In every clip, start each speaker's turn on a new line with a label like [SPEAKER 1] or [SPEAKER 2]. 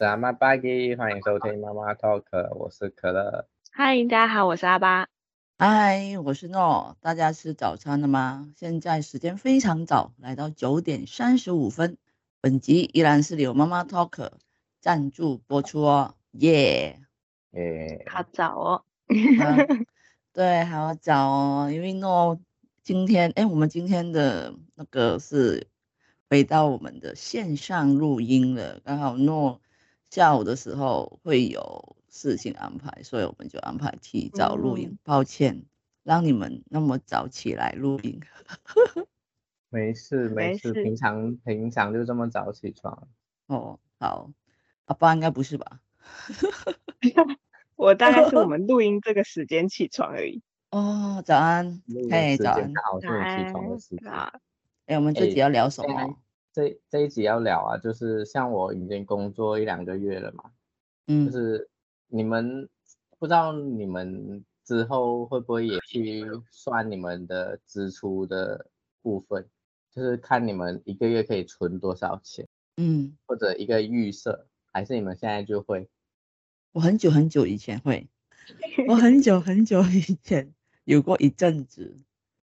[SPEAKER 1] 歡迎收聽媽媽 Talk，我是可樂。
[SPEAKER 2] 嗨，大家好，我是阿巴。嗨，我是諾。大家吃早餐了嗎？現在時間非常早，來到九點三十五分。本集依然是由媽媽 Talk 贊助播出哦，耶！耶！誒，好早哦。 對，好早哦，因為諾今天，誒，我們今天的那個是回到我們的線上錄音了，剛好諾。下午的時候會有事情安排，所以我們就安排提早錄音，嗯。抱歉讓你們那麼早起來
[SPEAKER 1] 錄音。沒事沒事，平常平常就這麼早起床。哦，好，阿、啊、爸應該不是吧？
[SPEAKER 3] 我大概是我們錄音這個時間起床而已。哦，早安，嘿、哎，早安，
[SPEAKER 2] 早
[SPEAKER 1] 安。哎，我們自己要聊什麼、哦？哎哎這這一集要聊啊，就是像我已經工作一兩個月了嘛，嗯，就是你們不知道你們之後會不會也去算你們的支出的部分，就是看你們一個月可以存多少錢，嗯，或者一個預設，還是你們現在就會？我很久很久以前
[SPEAKER 2] 會，我很久很久以前有過一陣子，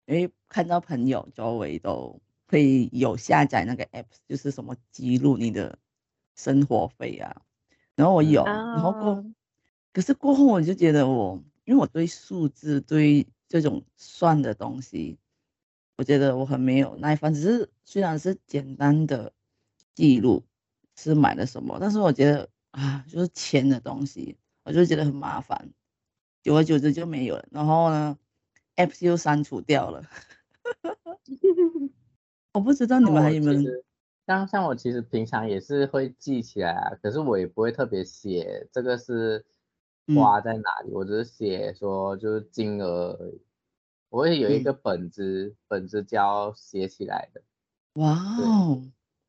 [SPEAKER 2] 因為看到朋友周圍都。可以有下載那個 app，就是什麼記錄你的生活費啊，然後我有，然後過，可是過後我就覺得我，因為我對數字對這種算的東西，我覺得我很沒有耐煩。只是雖然是簡單的記錄是買了什麼，但是我覺得啊，就是錢的東西，我就覺得很麻煩，久而久之就沒有了。然後呢，app 又刪除掉
[SPEAKER 3] 了
[SPEAKER 2] 我不知道你們還
[SPEAKER 1] 有沒有，像，像我其實平常也是會記起來啊，可是我也不會特別寫這個是花在哪裡，嗯、我只是寫說就是金額而已。我也有一個本子、嗯，本子就要寫起來的。
[SPEAKER 2] 哇、
[SPEAKER 1] wow，哦。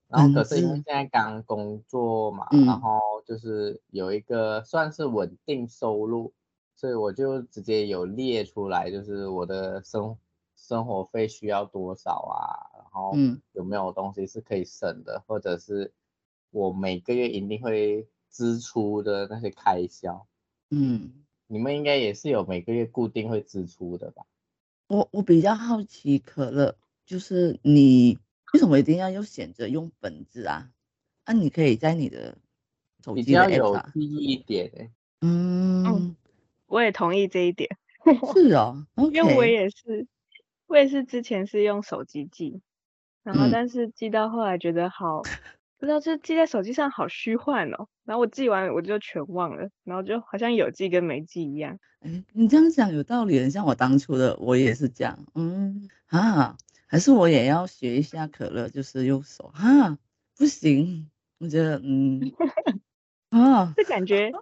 [SPEAKER 1] 然後可是因為現在剛工作嘛、嗯，然後就是有一個算是穩定收入，所以我就直接有列出來，就是我的生活。生活費需要多少啊？然後有沒有東西是可以省的，嗯、或者是我每個月一定會支出的那些開銷？嗯，你們應該也是有每個月固定會支出的吧？
[SPEAKER 2] 我我比較好奇可樂，可樂就是你為什麼一定要用選
[SPEAKER 1] 擇用本子啊？那、
[SPEAKER 2] 啊、你可以在你的手機的、APP、比較
[SPEAKER 1] 有意義一點、欸嗯。
[SPEAKER 3] 嗯，我也同意這一點。
[SPEAKER 2] 是啊、哦 okay，因為
[SPEAKER 3] 我也是。我也是，之前是用手機記，然後但是記到後來覺得好、嗯、不知道，就是記在手機上好虛幻哦。然後我記完我就全忘了，然後就好像有記跟沒記一樣。
[SPEAKER 2] 欸，你這樣講有道理，像我當初的我也是這樣。嗯啊，還是我也要學一下可樂，就是用手哈、啊，不行，我覺得嗯 啊，
[SPEAKER 3] 這感覺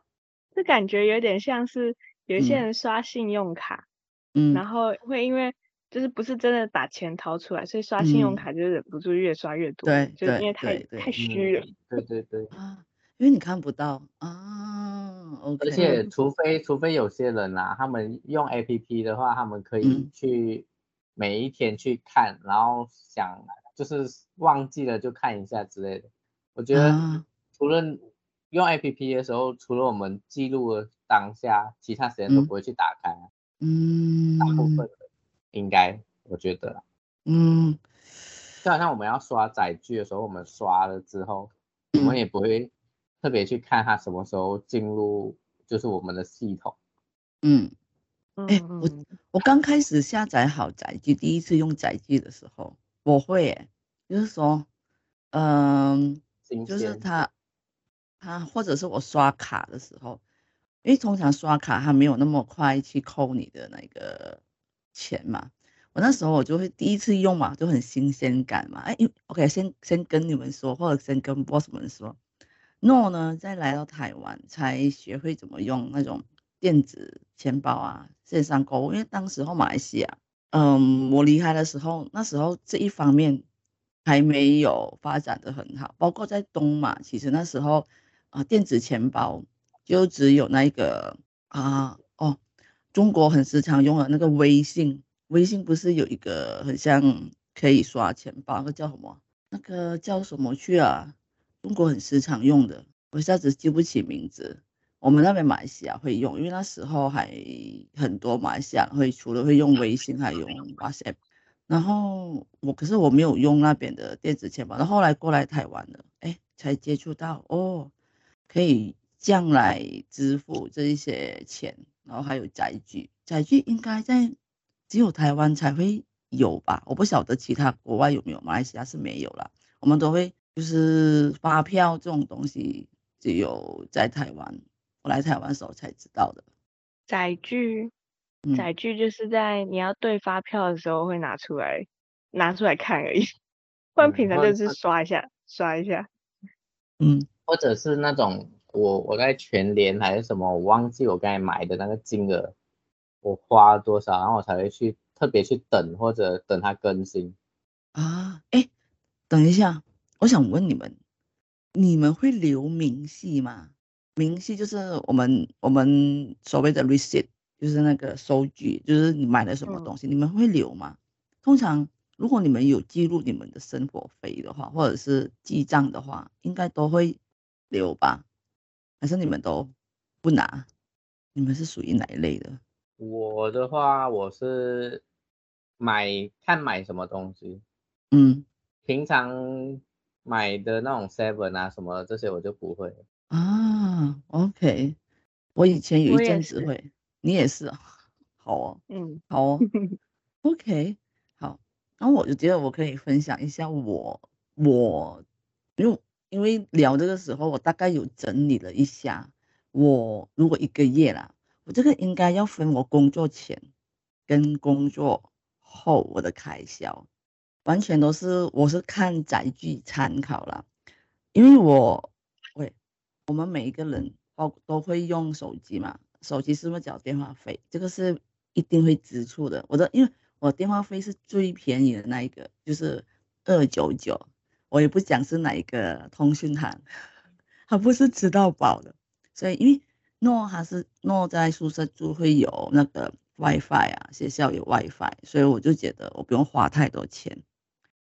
[SPEAKER 3] 這感覺有點像是有一些人刷信用卡，嗯，然後會因為。就是不是真的把錢掏出來，所以刷信用卡就忍不住越刷越多。對、嗯，就因為太
[SPEAKER 1] 對對對
[SPEAKER 2] 太虛了、嗯。對對對。啊，因為你看不到啊，而且，嗯、
[SPEAKER 1] 除非除非有些人吶、啊，他們用 A P P 的話，他們可以去每一天去看，嗯、然後想就是忘記了就看一下之類的。我覺得，啊、除了用 A P P 的時候，除了我們記錄了當下，其他時間都不會去打開。嗯。大部
[SPEAKER 2] 分的。
[SPEAKER 1] 應該我覺得啦，嗯，就好像我們要刷載具的時候，我們刷了之後，我們也不會特別去看它什麼時候進入就是我們的系統，
[SPEAKER 2] 嗯，欸、我我剛開始下載好載具，第一次用載具的時候，我會、欸，就是說，嗯，就是他他或者是我刷卡的時候，因為通常刷卡他沒有那麼快去扣你的那個。錢嘛，我那時候我就會第一次用嘛，就很新鮮感嘛。哎，OK，先先跟你們說，或者先跟 boss 們說。那我呢，再來到台灣才學會怎麼用那種電子錢包啊，線上購物。因為當時候馬來西亞，嗯，我離開的時候，那時候這一方面還沒有發展得很好，包括在東馬，其實那時候啊、呃，電子錢包就只有那一個啊。中國很時常用的那個微信，微信不是有一個很像可以刷錢包，那個、叫什麼？那個叫什麼去啊？中國很時常用的，我一下子記不起名字。我們那邊馬來西亞會用，因為那時候還很多馬來西亞會除了會用微信，還用 WhatsApp。然後我可是我沒有用那邊的電子錢包，然後後來過來台灣了，哎，才接觸到哦，可以這樣來支付這一些錢。然後還有載具，載具應該在只有台灣才會有吧？我不曉得其他國外有沒有，馬來西亞是沒有了。我們都會就是發票這種東西，只有在台灣，我來台灣的時候才知道的。
[SPEAKER 3] 載具，
[SPEAKER 2] 載
[SPEAKER 3] 具就是在你要對發票的時候會拿出來、嗯、拿出來看而已，不然平常就是刷一下刷一下。嗯，
[SPEAKER 1] 或者是那種。我我在全聯還是什麼？我忘記我該買的那個金額，我花了多少，然後我才會去特別去等或者等它更新。
[SPEAKER 2] 啊，誒，等一下，我想問你們，你們會留明細嗎？明細就是我們我們所謂的 receipt，就是那個收據，就是你買了什麼東西，嗯、你們會留嗎？通常如果你們有記錄你們的生活費的話，或者是記賬的話，應該都會留吧。還是你們都不拿？你們是屬於哪一類的？
[SPEAKER 1] 我的話，我是買看買什麼東西，嗯，平常買的那種 seven 啊什麼的，這些我就不會
[SPEAKER 2] 啊。OK，我以前有一陣子會，我也是、你也是、啊、好哦，
[SPEAKER 1] 嗯，
[SPEAKER 2] 好哦 ，OK，好。然後我就覺得我可以分享一下我我用，因為聊這個時候，我大概有整理了一下，我如果一個月啦，我這個應該要分我工作前跟工作後我的開銷，完全都是我是看載具參考啦，因為我喂，我們每一個人都會用手機嘛，手機是不是繳電話費，這個是一定會支出的，我的因為我電話費是最便宜的那一個，就是二九九。我也不講是哪一個通訊行，呵呵，它不是吃到飽的，所以因為諾還是諾在宿舍住會有那個 WiFi 啊，學校有 WiFi，所以我就覺得我不用花太多錢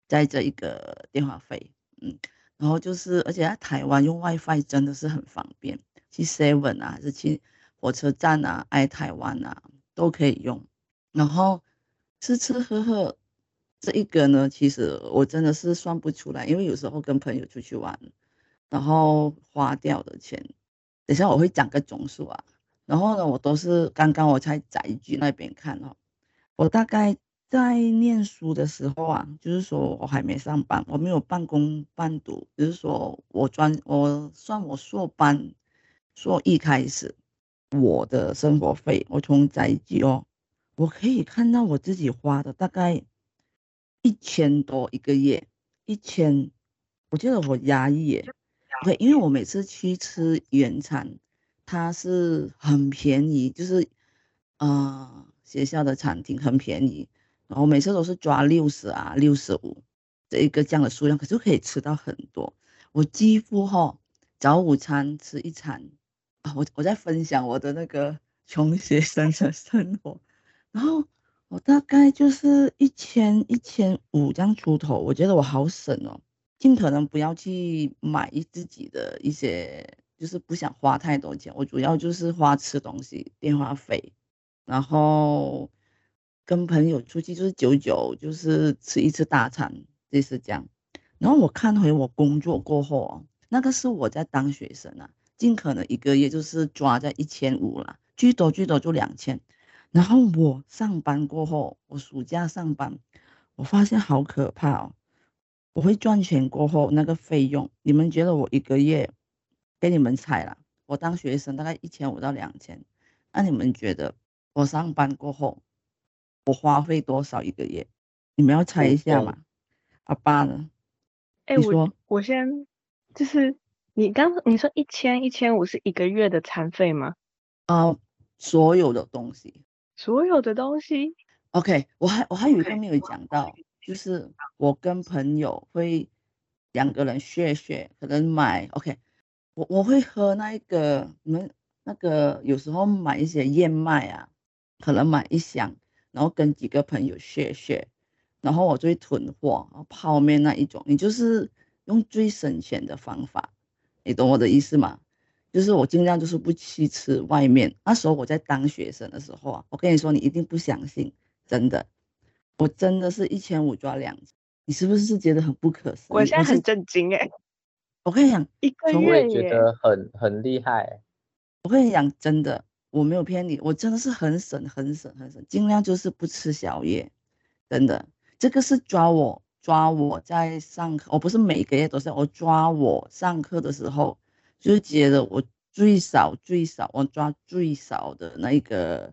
[SPEAKER 2] 在這一個電話費，嗯，然後就是，而且在台灣用 WiFi 真的是很方便，去 Seven 啊，還是去火車站啊，iTaiwan 啊都可以用，然後吃吃喝喝，這一個呢，其實我真的是算不出來，因為有時候跟朋友出去玩，然後花掉的錢，等下我會講個總數啊。然後呢，我都是剛剛我才在載具那邊看哦。我大概在念書的時候啊，就是說我還沒上班，我沒有半工半讀，就是說我專我算我碩班，碩一開始，我的生活費，我從載具哦，我可以看到我自己花的大概。一千多一個月，一千，我覺得我壓抑哎，對、okay，因為我每次去吃原餐，它是很便宜，就是，嗯、呃，學校的餐廳很便宜，然後每次都是抓六十啊，六十五這一個這樣的數量，可是可以吃到很多。我幾乎哈、哦、早午餐吃一餐，啊，我我在分享我的那個窮學生的生活，然後。大概就是一千一千五這樣出頭，我覺得我好省哦，盡可能不要去買自己的一些，就是不想花太多錢。我主要就是花吃東西、電話費，然後跟朋友出去就是久久，就是吃一次大餐，就是這樣。然後我看回我工作過後哦、啊，那個是我在當學生啊，盡可能一個月就是抓在一千五啦，最多最多就兩千。然後我上班過後，我暑假上班，我發現好可怕哦！我會賺錢過後那個費用，你們覺得我一個月給你們猜了？我當學生大概一千五到兩千，那你們覺得我上班過後我花費多少一個月？你們要猜一下嘛？好、嗯、吧、哦啊、呢？哎、欸，我我先就是
[SPEAKER 3] 你剛你說一千一千五是一個月的餐費嗎？
[SPEAKER 2] 啊、哦，所有的東西。所有的東西，OK，我還我還有一個沒有講到，okay, 就是我跟朋友會兩個人 share，可能買 OK，我我會喝那個你們那個有時候買一些燕麥啊，可能買一箱，然後跟幾個朋友 share，然後我就會囤貨，然後泡麵那一種，你就是用最省錢的方法，你懂我的意思嗎？就是我盡量就是不去吃外面。那時候我在當學生的時候啊，我跟你說你一定不相信，真的，我真的是一千五抓兩次，你是不是覺得很不可思議？我現在很震驚哎！我跟你講，一個月覺得很很厲害。我跟你講，真的我沒有騙你，我真的是很省很省很省，盡量就是不吃宵夜，真的。這個是抓我抓我在上課，我不是每個月都是，我抓我上課的時候。就覺得我最少最少我抓最少的那一個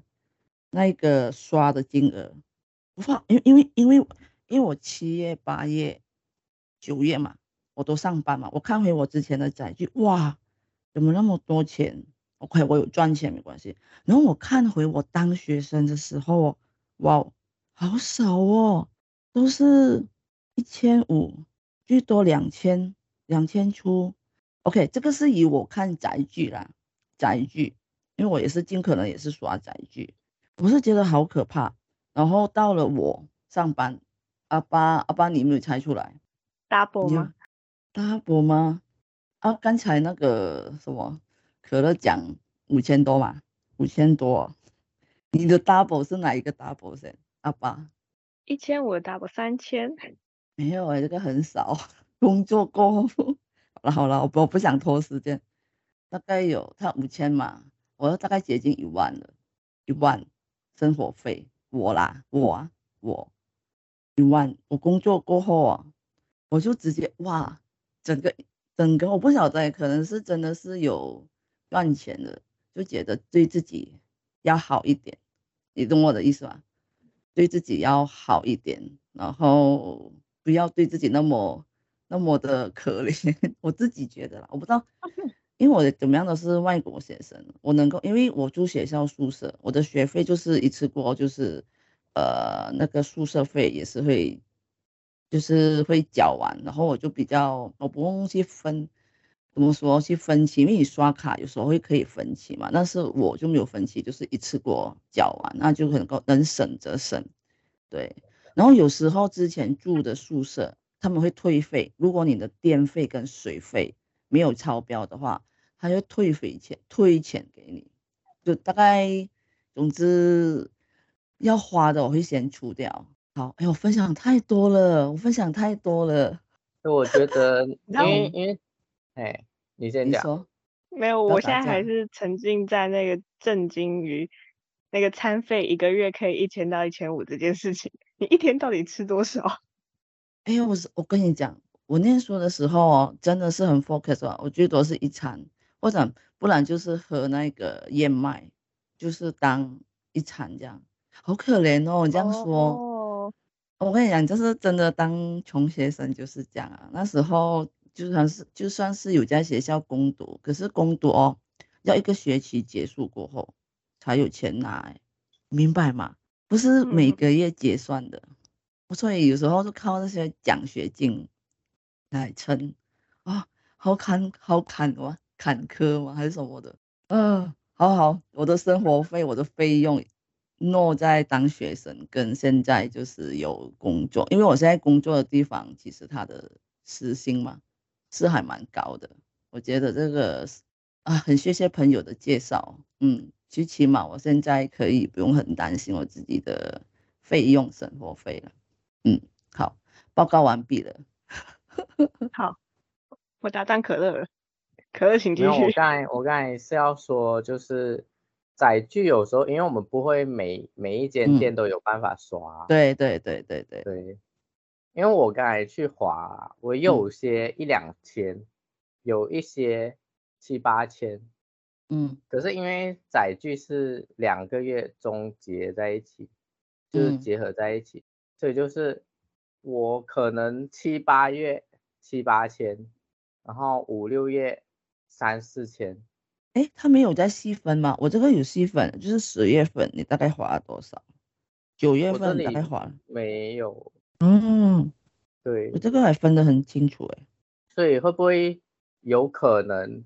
[SPEAKER 2] 那一個刷的金額不怕，因為因為因為因為我七月八月九月嘛，我都上班嘛。我看回我之前的載具，哇，怎麼那麼多錢？我快，OK, 我有賺錢沒關係。然後我看回我當學生的時候，哇，好少哦，都是一千五，最多兩千兩千出。OK，這個是以我看宅劇啦，宅劇，因為我也是盡可能也是刷宅劇，我是覺得好可怕。然後到了我上班，阿爸，阿爸，你有沒有猜出來？Double 嗎？Double 嗎？啊，剛才那個什麼可樂講五千多嘛，五千多，哦，你的 Double 是哪一個 Double 先？阿爸，
[SPEAKER 3] 一千五的 Double 三千，
[SPEAKER 2] 沒有啊，這個很少，工作過。然好了，我我不想拖時間，大概有差五千嘛，我大概接近一萬了，一萬生活費我啦，我啊，我一萬，我工作過後啊，我就直接哇，整個整個我不曉得，可能是真的是有賺錢的，就覺得對自己要好一點，你懂我的意思吧？對自己要好一點，然後不要對自己那麼。那麼的可憐，我自己覺得啦，我不知道，因為我怎麼樣都是外國學生，我能夠，因為我住學校宿舍，我的學費就是一次過，就是，呃，那個宿舍費也是會，就是會繳完，然後我就比較，我不用去分，怎麼說去分期，因為你刷卡有時候會可以分期嘛，但是我就沒有分期，就是一次過繳完，那就能夠能省則省，對，然後有時候之前住的宿舍。他們會退費，如果你的電費跟水費沒有超標的話，他就退費錢退錢給你。就大概，總之要花的我會先出掉。好，哎呦，我分享太多了，我分享太多了。
[SPEAKER 1] 就我覺得，因為因哎，你先講你說。
[SPEAKER 3] 沒有，我現在還是沉浸在那個震驚於那個餐費一個月可以一千到一千五這件事情。你一天到底吃多少？
[SPEAKER 2] 哎，我是我跟你講，我念書的時候哦，真的是很 focus 啊。我最多是一餐，或者不然就是喝那個燕麥，就是當一餐這樣。好可憐哦，你這樣說。哦，我跟你講，就是真的當窮學生就是這樣啊。那時候就算是就算是有在學校工讀，可是工讀哦，要一個學期結束過後才有錢拿，哎，明白嗎？不是每個月結算的。嗯所以有時候就靠那些獎學金來撐啊，好坎好坎哇，坎坷哇還是什麼的。嗯、啊，好好，我的生活費我的費用，落在當學生跟現在就是有工作，因為我現在工作的地方其實他的時薪嘛是還蠻高的。我覺得這個啊，很謝謝朋友的介紹。嗯，最起碼我現在可以不用很擔心我自己的費用生活費了。嗯，好，報告完畢了。 好，
[SPEAKER 1] 我打斷可樂了，可樂請繼續。那我剛才，我剛才是要說，就是載具有時候，因為我們不會每，每一間店都有辦法刷。嗯。對對對對對對。因為我剛才去划，我有些一兩千，嗯，有一些七八千。嗯。可是因為載具是兩個月終結在一起，就是結合在一起。嗯嗯所以就是我可能七八月七八千，然後五六月三四千，
[SPEAKER 2] 哎，他沒有在細分嗎？我這個有細分，就是十月份你大概花了多少？九月份你大概花
[SPEAKER 1] 了沒有？
[SPEAKER 2] 嗯，對，我這個還分得很清楚哎。
[SPEAKER 1] 所以會不會有可能，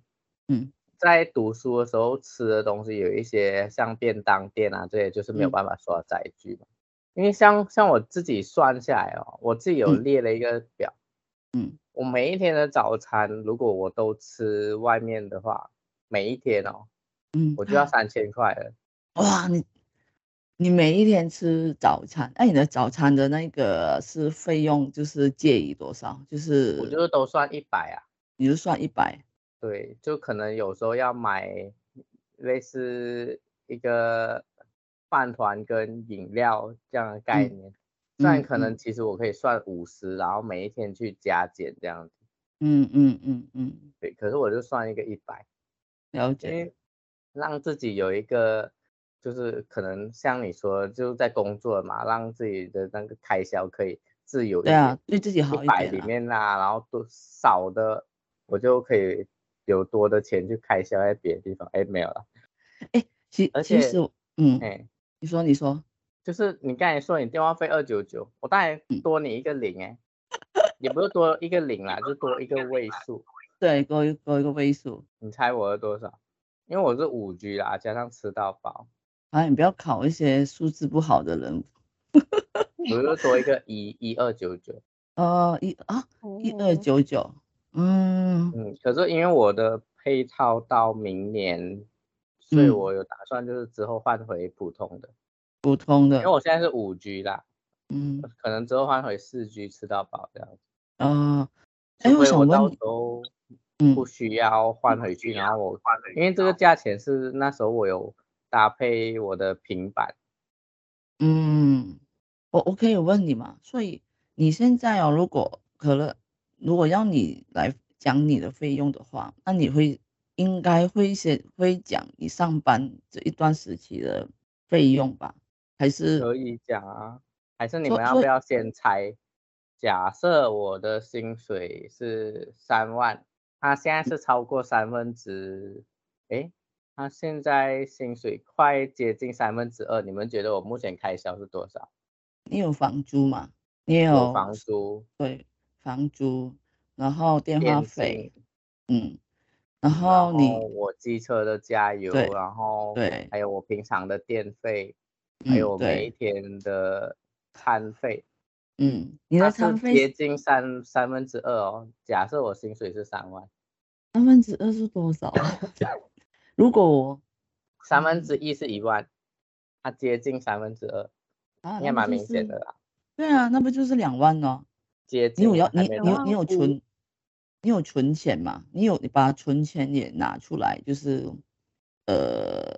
[SPEAKER 1] 嗯，在讀書的時候吃的東西有一些像便當店啊這些，就是沒有辦法刷載具嘛。因為像像我自己算下來哦，我自己有列了一個表，嗯，嗯，我每一天的早餐如果我都吃外面的話，每一天哦，嗯，我就要三千塊了。哇，
[SPEAKER 2] 你你每一天吃早餐，哎、啊，你的早餐的那個是費用就是介於多少？就是我
[SPEAKER 1] 就是都算一百啊，
[SPEAKER 2] 你就算一百，
[SPEAKER 1] 對，就可能有時候要買類似一個。飯糰跟飲料這樣的概念，
[SPEAKER 3] 雖、嗯、然、嗯嗯、可能其
[SPEAKER 1] 實我可以算五十，嗯嗯，然後每一天去加減這樣子。嗯嗯嗯
[SPEAKER 2] 嗯。
[SPEAKER 1] 對，可是我就算一個一百，
[SPEAKER 2] 了解。
[SPEAKER 1] 讓自己有一個，就是可能像你說，就是在工作嘛，讓自己的那個開銷可以自由一點。對啊，對自己好一點啊。一百裡面啊，然後多少的，我就可以有多的錢去開銷在別的地方。哎，沒有了。哎，其實而且嗯。哎你說，你說，就是你剛才說你電話費二九九，我當然多你一個零哎、欸， 也不是多一個零啦，就多一個位數。
[SPEAKER 2] 對，多一多一個位
[SPEAKER 1] 數。你猜我是多少？因為我是五 G 啦，加上吃到飽。
[SPEAKER 2] 啊，你不要考一些數字不好的人。
[SPEAKER 1] 我就多一個一一二九九。哦、uh,
[SPEAKER 2] 啊，一啊一二九九，
[SPEAKER 1] 嗯嗯。可是因為我的配套到明年，所以我有打算，就是之後換回普通的，普通的，因為我現在是五 G 啦，嗯，可能之後換回四 G 吃到飽這樣子。嗯、呃，哎、欸，為什麼到時候，不需要換回去、嗯，然後我換回，因為這個價錢是那時候我有搭配我的平板。
[SPEAKER 2] 嗯，我我可以問你嘛？所以你現在哦，如果可樂，如果要你來講你的費用的話，那你會？應該會先會講你上班這一段時期的費用吧？還是可
[SPEAKER 1] 以講啊？還是你們要不要先猜？假設我的薪水是三萬，他現在是超過三分之，哎、欸，他現在薪水快接近三分之二。你們覺得我目前開銷是多少？
[SPEAKER 2] 你有房租嗎？你有？有房租。對，房租，然後電話費，嗯。然後你
[SPEAKER 1] 我機車的加油，然後對，對，然後還有我平常的電費、嗯，還有每一天的餐費，嗯，
[SPEAKER 2] 你的餐費是接
[SPEAKER 1] 近三三分之二哦。假設我薪水是三萬，
[SPEAKER 2] 三分之二是多少？
[SPEAKER 1] 如果三分之一是一萬，它接近三分之二，也、啊、蠻明顯
[SPEAKER 2] 的啦、就是。對啊，那不就是兩萬呢、
[SPEAKER 1] 哦？你有你，你有存？
[SPEAKER 2] 你有存錢嗎？你有你把存錢也拿出來，就是，呃，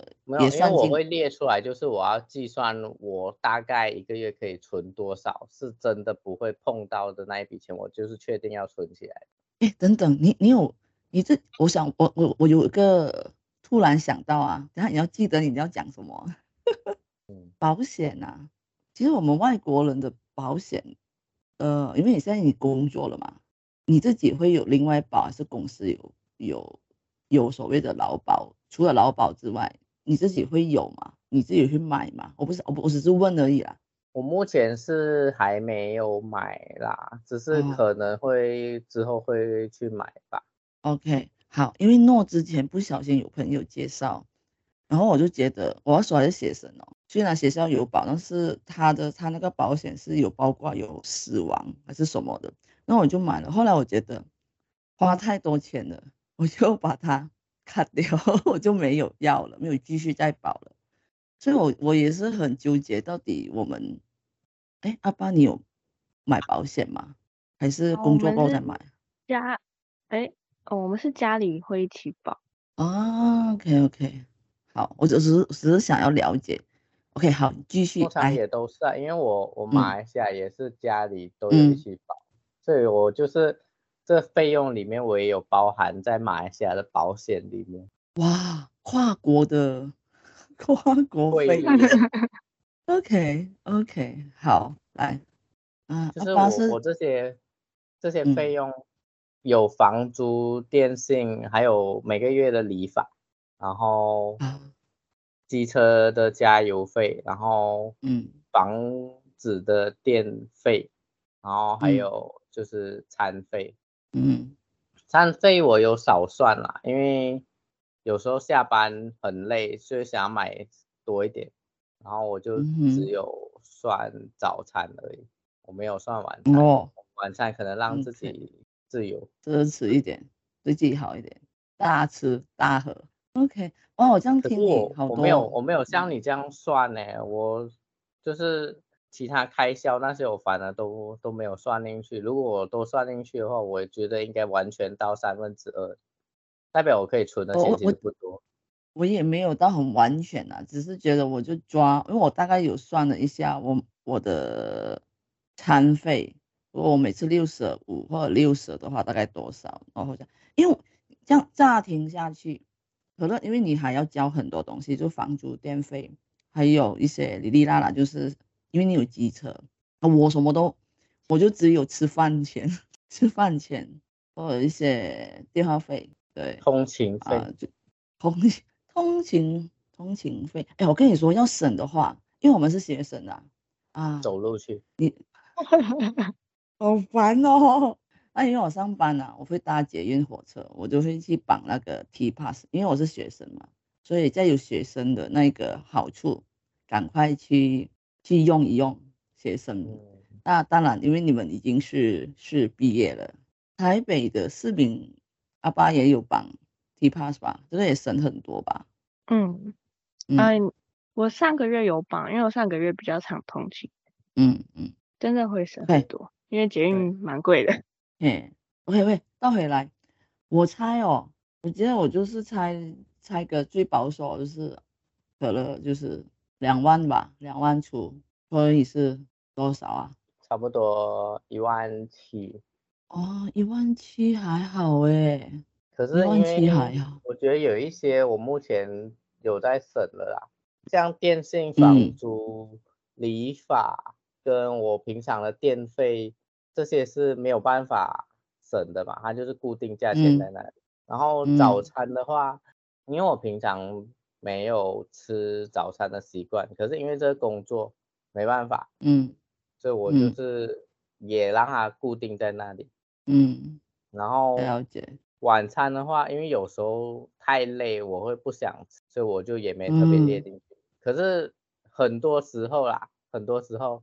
[SPEAKER 2] 也算，我會
[SPEAKER 1] 列出來，就是我要計算我大概一個月可以存多少，是真的不會碰到的那一筆錢，我就是確定要存起來。
[SPEAKER 2] 哎、欸，等等，你你有你這，我想我我我有一個突然想到啊，等下你要記得你要講什麼？ 嗯、保險吶、啊，其實我們外國人的保險，呃，因為你現在你工作了嘛。你自己會有另外保還是公司有有有所謂的勞保？除了勞保之外，你自己會有嗎？你自己會買嗎？我不是，我我我只是問而已啦。
[SPEAKER 1] 我目前是還沒有買啦，只是可能會、哦、之後會去買吧。
[SPEAKER 2] OK，好，因為諾之前不小心有朋友介紹，然後我就覺得我要說還是學生哦，雖然學校有保，但是他的他那個保險是有包括有死亡還是什麼的。那我就買了，後來我覺得花太多錢了，我就把它砍掉，我就沒有要了，沒有繼續再保了。所以我，我我也是很糾結，到底我們，哎，阿爸，你有買保險嗎？還是工作後再買？哦、
[SPEAKER 3] 家，哎，哦，我們是家裡
[SPEAKER 2] 會一起保。啊、哦、OK，OK，okay, okay, 好，我只是我只是想要了解。OK，好，繼
[SPEAKER 1] 續。通常也都是啊，因為我我馬來西亞也是家裡都有一起保。嗯嗯所以，我就是這費用裡面，我也有包含在馬來西亞的保險裡面。
[SPEAKER 2] 哇，跨國的跨國費
[SPEAKER 1] 用 OK OK，好，來，嗯，就是我、啊、我這些這些費用、嗯、有房租、電信，還有每個月的理髮，然後機車的加油費，然後嗯，房子的電費，嗯、然後還有。就是餐費，嗯，餐費我有少算了，因為有時候下班很累，所以想買多一點，然後我就只有算早餐而已，嗯、我沒有算晚餐、哦。晚餐可能讓自己自由奢侈、okay. 一點，對自己好一點，
[SPEAKER 2] 大吃大喝。OK，哇、哦，我這樣聽你好我，我沒有，
[SPEAKER 1] 我沒有像你這樣算呢、欸，我就是。其他開銷那些我反而都都沒有算進去，如果我都算進去的話，我覺得應該完全到三分之二，代表我可以存的錢其實不多、
[SPEAKER 2] 哦我。我也沒有到很完全啊，只是覺得我就抓，因為我大概有算了一下我，我我的餐費，如果我每次六十五或六十的話，大概多少？然後這樣，因為這樣暫停下去，可能因為你還要交很多東西，就房租、電費，還有一些哩哩啦啦就是。因為你有機車，我什麼都，我就只有吃飯錢、吃飯錢或者一些電話費，
[SPEAKER 1] 對，通勤費，啊、就
[SPEAKER 2] 通通勤通勤費。哎，我跟你說，要省的話，因為我們是學生啊，
[SPEAKER 1] 啊，走路去，
[SPEAKER 2] 你好煩哦。那、啊、因為我上班呢、啊，我會搭捷運火車，我就會去綁那個 T Pass，因為我是學生嘛，所以再有學生的那個好處，趕快去。去用一用學生，那當然，因為你們已經是是畢業了。台北的市民阿爸也有綁 TPASS 吧，真的也省很多吧？
[SPEAKER 3] 嗯，嗯。呃、我上個月有綁，因為我上個月比較常通勤。嗯嗯，真的會省很多，因為捷運蠻貴的。
[SPEAKER 2] 嘿，OK OK，倒回來，我猜哦，我覺得我就是猜猜個最保守，就是可能就是。兩萬吧，兩萬出，所以是多少啊？
[SPEAKER 1] 差不多一萬七。
[SPEAKER 2] 哦，一萬七還好哎。可是一萬七還好。
[SPEAKER 1] 我覺得有一些我目前有在省了啦，像電信、房租、理、嗯、發，法跟我平常的電費這些是沒有辦法省的吧。它就是固定價錢在那裡。嗯，然後早餐的話，嗯，因為我平常。沒有吃早餐的習慣，可是因為這個工作沒辦法，嗯，所以我就是也讓它固定在那裡，嗯，然後了解晚餐的話，因為有時候太累，我會不想吃，所以我就也沒特別列，嗯，可是很多時候啦，很多時候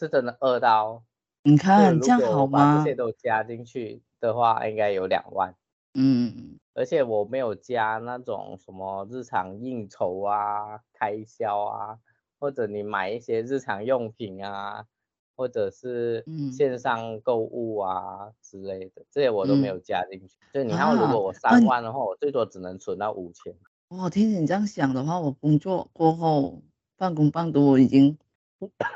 [SPEAKER 1] 是真的餓到，
[SPEAKER 2] 你看這樣好嗎？把這些
[SPEAKER 1] 都加進去的話，應該有兩萬，
[SPEAKER 2] 嗯。
[SPEAKER 1] 而且我沒有加那種什麼日常應酬啊、開銷啊，或者你買一些日常用品啊，或者是線上購物啊、嗯、之類的，這些我都沒有加進去、嗯。就你看，如果我三萬的話、嗯，我最多只能存到五千。
[SPEAKER 2] 我、哦、聽你這樣想的話，我工作過後半工半讀，半工半讀我已經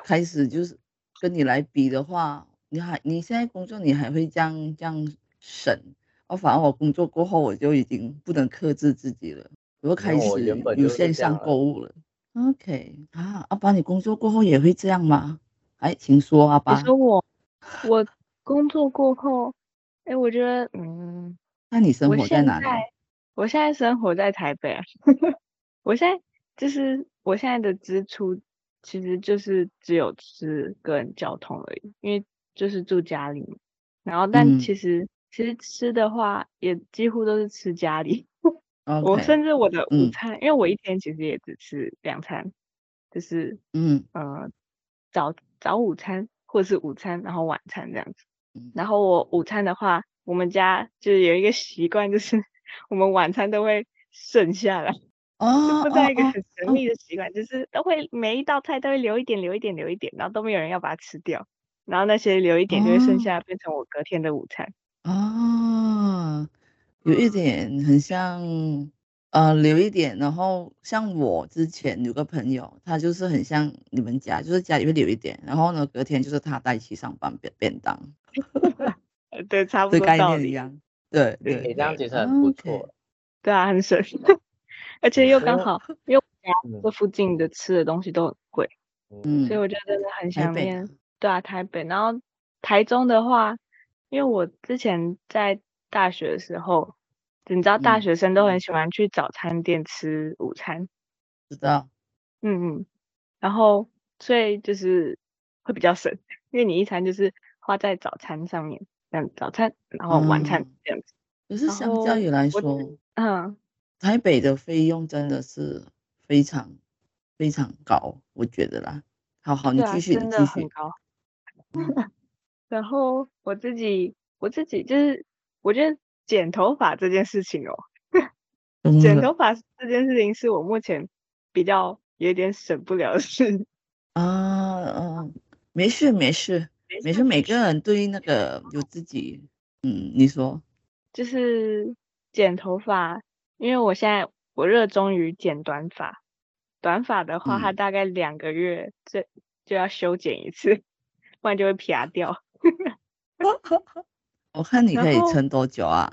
[SPEAKER 2] 開始就是跟你來比的話， 你還你現在工作，你還會這樣這樣省？我反而我工作過後，我就已經不能克制自己了，我又開始有線上購物了。OK 啊，阿爸，你工作過後也會這樣嗎？哎、欸，請說，阿爸。你說我，
[SPEAKER 3] 我工作過後，哎、欸，我覺得，嗯。那你生
[SPEAKER 2] 活在哪裡？我現在，
[SPEAKER 3] 我現在生活在台北。啊， 我現在就是，我現在的支出其實就是只有吃跟交通而已，因為就是住家裡嘛，然後但其實。嗯其實吃的話，也幾乎都是吃家裡。 okay,
[SPEAKER 1] 我甚至我的午餐，
[SPEAKER 3] 嗯，因為我一天其實也只吃兩餐，嗯、就是嗯呃早早午餐或是午餐，然後晚餐這樣子、嗯。然後我午餐的話，我們家就是有一個習慣，就是我們晚餐都會剩下來。
[SPEAKER 1] 哦、啊、就不是一個很神秘的
[SPEAKER 3] 習慣、啊，就是都會每一道菜都會留一點，留一點，留一點，然後都沒有人要把它吃掉。
[SPEAKER 2] 然後那些留一點就會剩下
[SPEAKER 3] 來、啊，變成我隔天的午餐。
[SPEAKER 2] 哦，有一點很像，嗯，呃，留一點，然後像我之前有個朋友，他就是很像你們家，就是家裡面留一點，然後呢，隔天就是他帶去上班便便當，
[SPEAKER 3] 對，差不多概念一樣，
[SPEAKER 2] 對，
[SPEAKER 3] 對，對對，這樣其實很不錯、okay，對啊，很省， 而且又剛好，因為這附近的吃的東西都很貴，嗯，所以我覺得真的很想念，對啊，台北，然後台中的話。因為我之前在大學的時候，你知道大學生都很喜歡去早餐店吃午餐，
[SPEAKER 2] 嗯、知道，嗯
[SPEAKER 3] 嗯，然後所以就是會比較省，因為你一餐就是花在早餐上面，這樣，早餐然後晚餐，嗯這樣
[SPEAKER 2] 子然後，可是相較於來說，嗯，台北的費用真的是非常非常高，我覺得啦，好好你繼續你繼續。
[SPEAKER 3] 然後我自己，我自己就是，我覺得剪頭髮這件事情哦，嗯、
[SPEAKER 1] 剪頭
[SPEAKER 3] 髮這件事情是我目前比較有點省
[SPEAKER 2] 不了的事。啊嗯、呃、沒事沒事，沒事，沒，事沒事，每個人對於那個有自己、啊，嗯，你說，
[SPEAKER 3] 就是剪頭髮，因為我現在我熱衷於剪短髮，短髮的話，它大概兩個月這就、嗯、就要修剪一次，不然就會撇掉。
[SPEAKER 2] 我看你可以撐多久啊？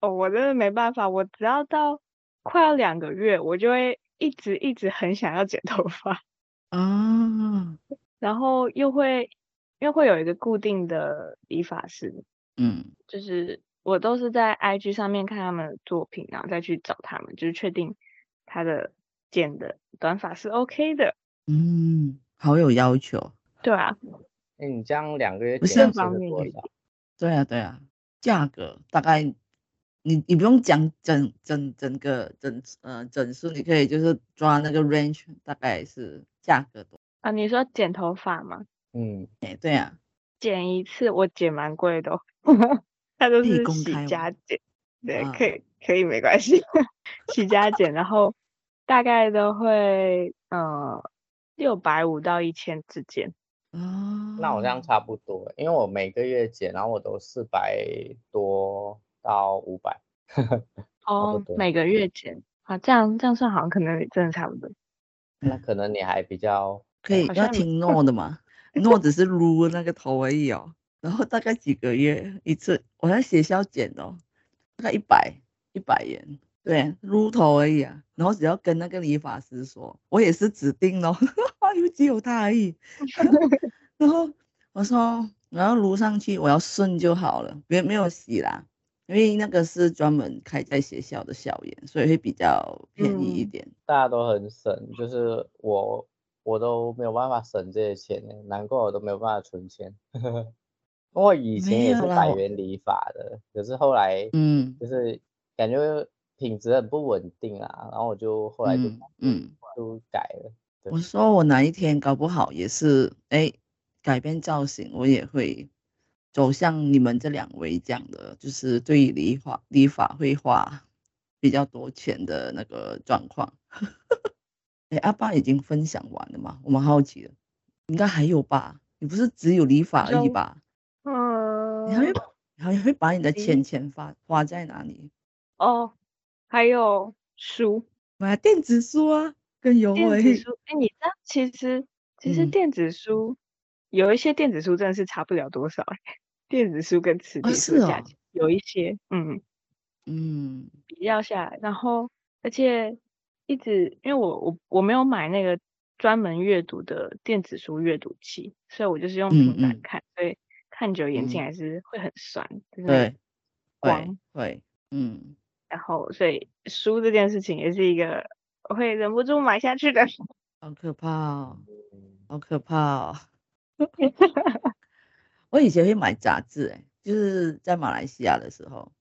[SPEAKER 3] 哦，我真的沒辦法，我只要到快要兩個月，我就會一直一直很想要剪頭髮啊。然後又會又會有一個固定的理髮師，嗯，就是我都是在 IG 上面看他們的作品，然後再去找他們，就是確定他的剪的短髮是 OK 的。
[SPEAKER 2] 嗯，好有要求，
[SPEAKER 1] 對啊。那、欸、你這樣兩個月不是
[SPEAKER 2] 很方便。少？對啊，對啊，價格大概，你你不用講整整整個整呃整數，你可以就是抓那個 range，大概是價格多
[SPEAKER 3] 啊？你說剪頭髮嗎？嗯，
[SPEAKER 2] 哎對，對啊，
[SPEAKER 3] 剪一次我剪蠻貴的，他 都是許家剪，對，可以
[SPEAKER 2] 可以沒
[SPEAKER 1] 關係，
[SPEAKER 3] 起 家剪， 然後大概都會呃六百五到一千之間。
[SPEAKER 1] 哦， 那我這樣差不多，因為我每個月剪，然後我都四百多到五百 ，
[SPEAKER 3] 哦，每個月剪啊，這樣這樣算好像可能真的差不多。
[SPEAKER 1] 那可能你還
[SPEAKER 2] 比較可以要、嗯、聽諾的嘛？諾 只是擼那個頭而已哦，然後大概幾個月一次，我在學校剪哦，大概一百一百元，對，擼頭而已啊，然後只要跟那個理髮師說，我也是指定哦。因 為只有他而已， 然後，然後我說，然後擼上去，我要順就好了，別沒有洗啦，因為那個是專門開在學校
[SPEAKER 1] 的校園，所以會比較便宜一點。嗯、大家都很省，就是我我都沒有辦法省這些錢，欸，難怪我都沒有辦法存錢。 我以前也是百元理髮的，可是後來嗯，就是感覺品質很不穩定啊，嗯，然後我就後來就嗯都，嗯、改了。我說
[SPEAKER 2] 我哪一天搞不好也是哎，改變造型，我也會走向你們這兩位講的，就是對於理髮理髮會花比較多錢的那個狀況。哎， 阿爸已經分享完了嗎？我蠻好奇的，應該還有吧？你不是只有理髮而已吧？
[SPEAKER 3] 嗯、呃。
[SPEAKER 2] 你還會把你的錢錢花，哎、花在哪裡？
[SPEAKER 3] 哦，還有書，
[SPEAKER 2] 買電子書啊。跟油哎，電子
[SPEAKER 3] 書欸、你知道其實其實電子書、嗯、有一些電子書真的是差不了多少哎、欸，電子書跟紙質書價錢、啊哦、有一些嗯嗯比較下來，然後而且一直因為我我我沒有買那個專門閱讀的電子書閱讀器，所以我就是用平板看、嗯嗯，所以看久眼睛還是會很酸。嗯就是、光對，對對，嗯，然後所以書這件事情也是一個。
[SPEAKER 2] 我會忍不住買下去的，好可怕哦，好可怕哦！ 我以前會買雜志誒，就是在馬來西亞的時候，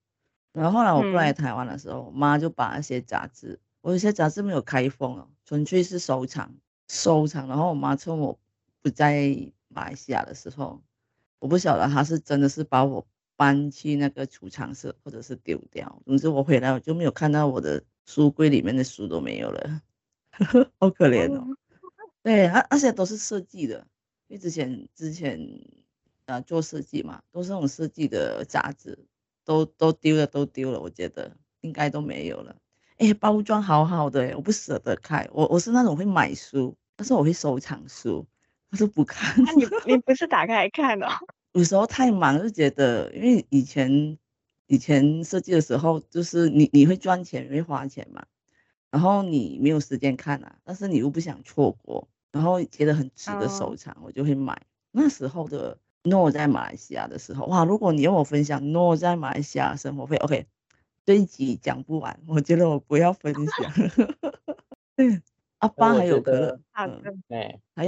[SPEAKER 2] 然後後來我過來台灣的時候，嗯，我媽就把那些雜誌，我有些雜志沒有開封哦，純粹是收藏收藏。然後我媽趁我不在馬來西亞的時候，我不曉得她是真的是把我搬去那個儲藏室，或者是丟掉。總之我回來我就沒有看到我的。書櫃裡面的書都沒有了， 好可憐哦。對，而那些都是設計的，因為之前之前啊做設計嘛，都是那種設計的雜誌，都都丟了，都丟了。我覺得應該都沒有了。哎，包裝好好的，欸，我不捨得開。我我是那種會買書，但是我會收藏書，我都不看。
[SPEAKER 3] 那你你不是打開來看哦？
[SPEAKER 2] 有時候太忙，就覺得因為以前。以前設計的時候，就是你你會賺錢，你會花錢嘛，然後你沒有時間看啊，但是你又不想錯過，然後覺得很值得收藏，我就會買。哦、那時候的諾在馬來西亞的時候，哇！如果你要我分享諾在馬來西亞生活費，OK，這一集講不完，我覺得我不要分享。
[SPEAKER 1] 嗯，阿爸還有個，還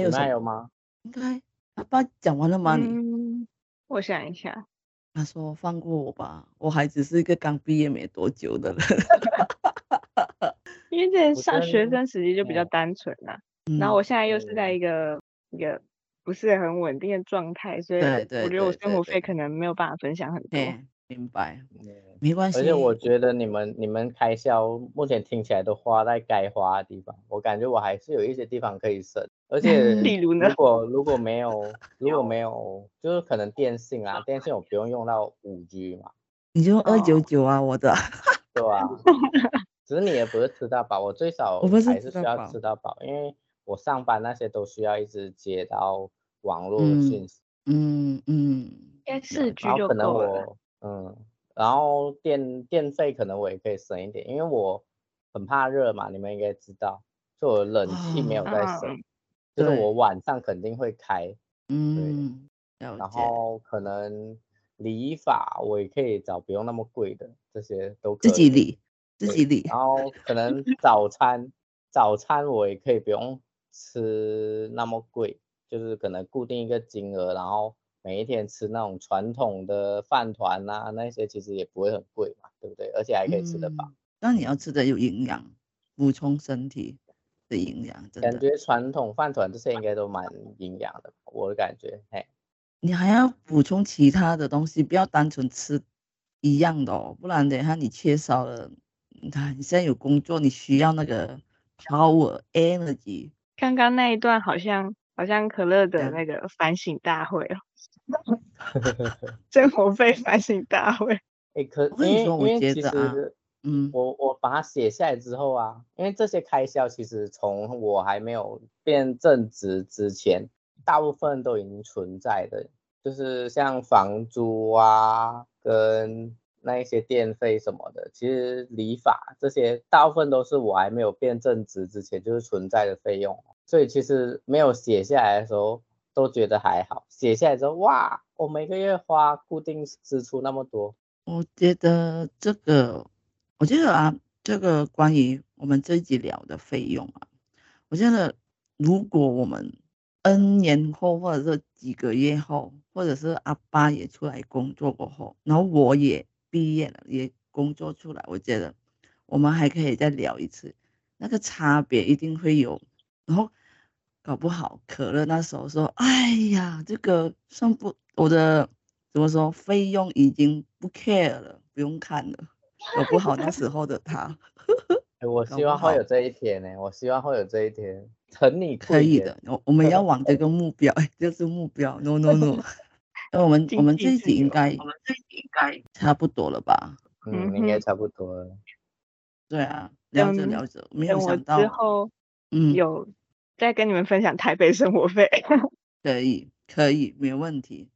[SPEAKER 1] 有什麼？嗎
[SPEAKER 2] 應
[SPEAKER 3] 該
[SPEAKER 2] 阿爸講完了嗎？你、嗯，
[SPEAKER 3] 我想一下。他說：“放過我吧，
[SPEAKER 2] 我還只是一個剛畢業沒多久的人，
[SPEAKER 3] 因為這上學生時期就比較單純啦。然後我現在又是在一個對對對對一個不是很穩定的狀態，所以我覺得我生活費可能沒有辦法分享很多。”
[SPEAKER 1] 明白，yeah, 沒關係。而且我覺得你們你們開銷目前聽起來都花在該花的地方，我感覺我還是有一些地方可以省。而且，如果，例如呢，如果沒有，如果，沒有 就是可能電信啊， 電信我不用用到五 G 嘛，
[SPEAKER 2] 你就二九九啊，我的。
[SPEAKER 1] 對啊， 只是你也不是吃到飽，我最少還是需要吃到飽，因為我上班那些都需要一直接到網絡的信息。嗯嗯，應
[SPEAKER 2] 該
[SPEAKER 3] 四 G 就夠了。
[SPEAKER 1] 嗯，然後電電費可能我也可以省一點，因為我很怕熱嘛，你們應該知道，所以我冷氣沒有在省，oh, 就是我晚上肯定會開，嗯，然後可能理髮我也可以找不用那麼貴的，這些都可以自己理自己理，己理，然後可能早餐 早餐我也可以不用吃那麼貴，就是可能固定一個金額，然後。每一天吃那種傳統的飯糰啊，那些其實也不會很貴嘛，對不對？而且還可以吃得飽。嗯，那
[SPEAKER 2] 你要吃得有營養，補充身體的營養的。感
[SPEAKER 1] 覺傳統飯糰這些應該都蠻營養的，我的感覺。哎，
[SPEAKER 2] 你還要補充其他的東西，不要單純吃一樣的哦，不然等一下你缺少了。你看你現在有工作，你需要那個 power energy。
[SPEAKER 3] 剛剛那一段好像好像可樂的那個反省大會哦。生活費反省大會。哎，可因為我你說我、啊、因為其實，
[SPEAKER 1] 嗯，我我把它寫下來之後啊，因為這些開銷其實從我還沒有變正職之前，大部分都已經存在的，就是像房租啊跟那一些電費什麼的，其實理髮這些大部分都是我還沒有變正職之前就是存在的費用，所以其實沒有寫下來的時候。都覺得還好，寫下來之後，哇，我每個月花固定支出那麼多。
[SPEAKER 2] 我覺得這個，我覺得啊，這個關於我們這集聊的費用啊，我覺得如果我們 N 年後，或者是幾個月後，或者是阿爸也出來工作過後，然後我也畢業了，也工作出來，我覺得我們還可以再聊一次，那個差別一定會有。然後。搞不好可樂那時候說：“哎呀，這個算不我的，怎麼說費用已經不 care 了，不用看了。”搞不好那時候的他， 我希望會有
[SPEAKER 1] 這一天呢。我希望會有這一天，成你這一天可以的。
[SPEAKER 2] 我我們要往這個目標，就、哎、是目標，no no no。 那我們我們這集應該， 我們
[SPEAKER 1] 這集應該
[SPEAKER 2] 差不多了吧？嗯，應該
[SPEAKER 1] 差不多了。
[SPEAKER 2] 對啊，聊着聊着，沒有想到
[SPEAKER 3] 有
[SPEAKER 2] 嗯，有。再跟你們分享台北生活費， 可以，可以，沒問題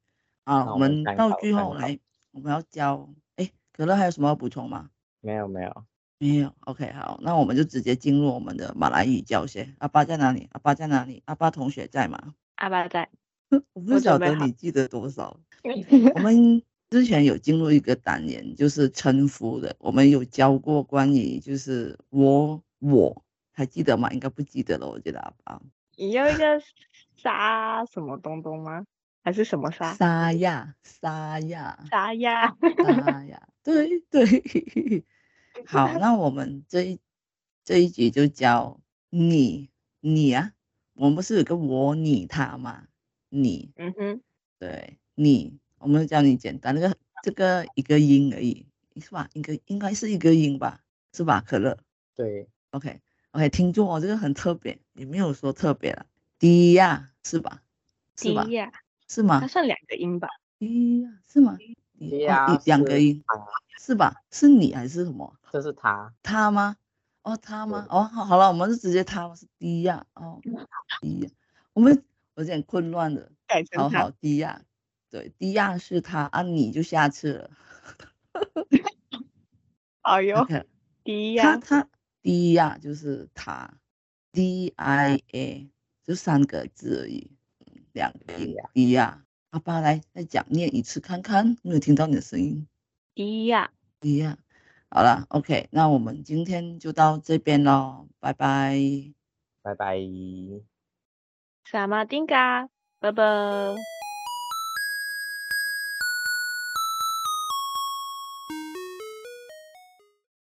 [SPEAKER 2] 啊！我們到最後來，我們要教。哎、欸，可樂還有什麼要補充嗎？沒有，沒有，沒有。OK，好，那我們就直接進入我們的馬來語教學。阿巴在哪裡？阿巴在哪裡？阿巴同學在嗎？阿
[SPEAKER 3] 巴在。 我不曉得你
[SPEAKER 2] 記得多少。我，
[SPEAKER 3] 我們
[SPEAKER 2] 之前有進入一個單元，就是稱呼的，我們有教過關於就是我我。還記得嗎？應該不記得了，我覺得啊。
[SPEAKER 3] 你要一個沙什麼東東嗎？還是什麼沙？沙呀，沙
[SPEAKER 2] 呀，沙呀，沙呀，對對。 好，那我們這一這一集就教你你啊，我們不是有個我你他嗎？你，嗯哼，對，你，我們就教你簡單，那個這個一個音而已，是吧？一個應該是一個音吧，是吧？可樂，對，OK。我、okay, 聽錯、哦，這個很特別，也沒有說特別了。迪亞是吧？迪亞是，是嗎？它算、哦、兩個音吧？迪亞是嗎？迪亞兩個音是吧？是你還是什麼？這是他他嗎？哦他嗎？哦好了，我們就直接他，是迪亞哦。
[SPEAKER 1] 迪亞，
[SPEAKER 2] 我們有點混亂的。好好，迪亞，對，迪亞是他啊，你就下次了。哎、 啊、呦，迪、okay、亞他。他 D I A、yeah, 就是他 D I A、yeah. 就三個字而已，兩個字 D I A 好吧，yeah. Yeah. 爸爸來再講念一次看看，有沒有聽到你的聲音？D I A，D I A，yeah. yeah. 好了，OK，那我們今天就到這邊嘍，拜拜，
[SPEAKER 1] 拜拜，
[SPEAKER 3] 薩馬丁嘎，拜拜。